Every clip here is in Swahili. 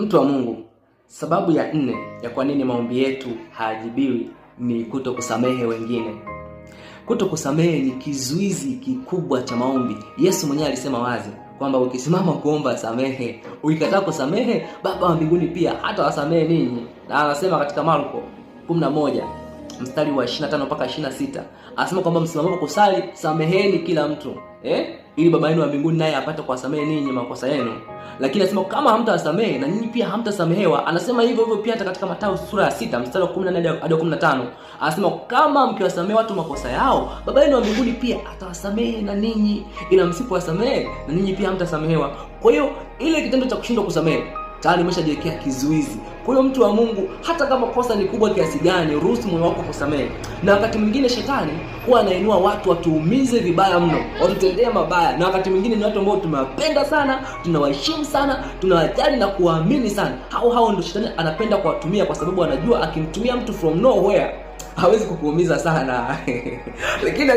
Mtu wa Mungu, sababu ya nne ya kwa nini maombi yetu hayajibiwi ni kuto kusamehe wengine. Kuto kusamehe ni kizuizi kikubwa cha maombi. Yesu mwenyewe alisema wazi kwamba ukisimama kuomba samehe, ukikataa kusamehe, Baba wa mbinguni pia hata wasamehe ninyi, na anasema katika Marko 11 mstari wa 25 mpaka 26, anasema kwamba msimamao kusali sameheni kila mtu eh, ili baba yenu wa mbinguni naye apate kuwasamehe ninyi makosa yenu. Lakini anasema kama hamtawasamehe na ninyi pia hamtasamehewa. Anasema hivyo hivyo pia hata katika Mathayo sura ya 6 mstari wa 14 hadi 15, anasema kama mkiwasamehe watu makosa yao, baba yenu wa mbinguni pia atawasamehe na ninyi, ila msipowasamehe na ninyi pia hamtasamehewa. Kwa hiyo ile kitendo cha kushindwa kusamehe tayari imeshajiwekea kizuizi huyo mtu wa Mungu, hata kama kosa ni kubwa kiasi gani, ruhusu moyo wako kusamehe. Na wakati mwingine shetani huwa anainua watu watuumize vibaya mno, watutendee mabaya, na wakati mwingine ni watu ambao tumewapenda sana, tunawaheshimu sana, tunawajali na kuwaamini sana. Hao hao ndio shetani anapenda kuwatumia, kwa sababu anajua akimtumia mtu from nowhere hawezi kukuumiza sana lakini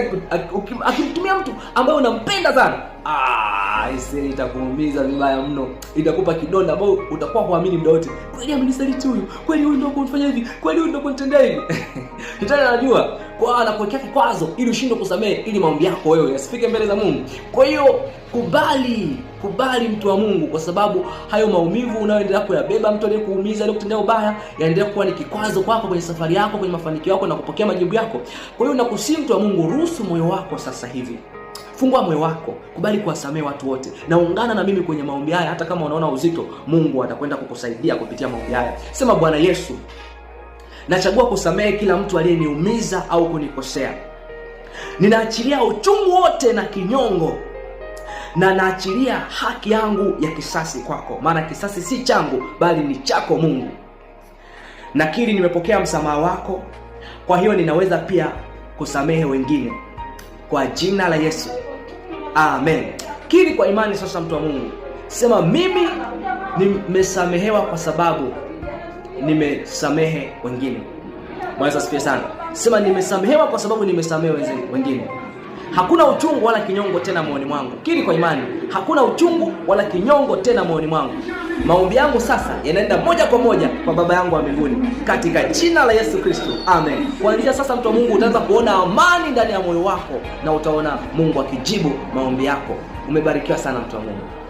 akimtumia mtu ambaye unampenda sana Aisee, ah, itakuumiza vibaya mno, itakupa kidonda ambao utakuwa huamini muda wote, kweli amenisaliti tu huyu, kweli huyu ndio kunifanya hivi, kweli huyu ndio kunitendea hivi. Shetani anajua kwa anakuwekea kikwazo ili ushindwe kusamehe, ili maombi yako wewe yasifike mbele za Mungu. Kwa hiyo kubali, kubali mtu wa Mungu, kwa sababu hayo maumivu unayoendelea kuyabeba, mtu aliyekuumiza aliyekutendea ubaya, yaendelea kuwa ni kikwazo kwako kwenye safari yako, kwenye mafanikio yako na kupokea majibu yako. Kwa hiyo nakusii mtu wa Mungu, ruhusu moyo wako sasa hivi Fungua moyo wako, kubali kuwasamehe watu wote, na ungana na mimi kwenye maombi haya. Hata kama unaona uzito, Mungu atakwenda kukusaidia kupitia maombi haya. Sema, Bwana Yesu, nachagua kusamehe kila mtu aliyeniumiza au kunikosea. Ninaachilia uchungu wote na kinyongo na naachilia haki yangu ya kisasi kwako, maana kisasi si changu bali ni chako Mungu. Nakiri nimepokea msamaha wako, kwa hiyo ninaweza pia kusamehe wengine kwa jina la Yesu. Amen. Kiri kwa imani sasa, mtu wa Mungu, sema mimi nimesamehewa kwa sababu nimesamehe wengine. Bwana sana. Sema nimesamehewa kwa sababu nimesamehe wengine. Hakuna uchungu wala kinyongo tena moyoni mwangu. Kiri kwa imani, hakuna uchungu wala kinyongo tena moyoni mwangu. Maombi yangu sasa yanaenda moja kwa moja kwa Baba yangu wa mbinguni katika jina la Yesu Kristo, amen. Kuanzia sasa, mtu wa Mungu, utaanza kuona amani ndani ya moyo wako na utaona Mungu akijibu maombi yako. Umebarikiwa sana mtu wa Mungu.